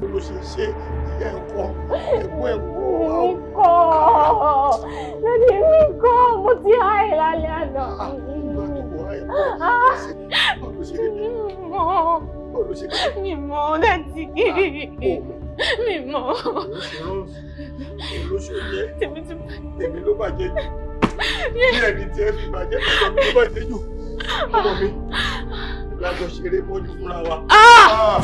bí mo ṣe ṣe ẹ̀kọ́ ẹ̀kọ́ ẹ̀kọ́. mi kọ́ lónìí mi kọ́ mo ti há ìlàlẹ́ àná. mi mọ̀ láti kiri mi mọ̀. tèmi ló bàjẹ́ jù bí ẹni tí ẹ fi bàjẹ́ tèmi ló bàjẹ́ jù ọmọ mi lájọ ṣeré mọ́jú fúnra wa. Ah! Ah!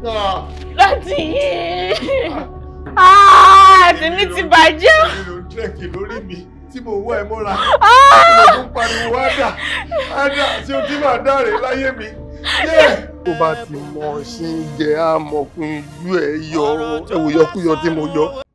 láti yí ah, ah, tèmi ti bàjẹ́. ìlú dírẹ́kì lórí mi tí mo wá ẹ mọ́ra ah. mo tún pariwo ádà ádà tí o ti máa dáre láyé mi. tó bá ti mọ̀ ṣe ń jẹ àmọ̀kùn ìlú ẹ̀ yọ ẹ̀wòyọkúyọ tí mo yọ.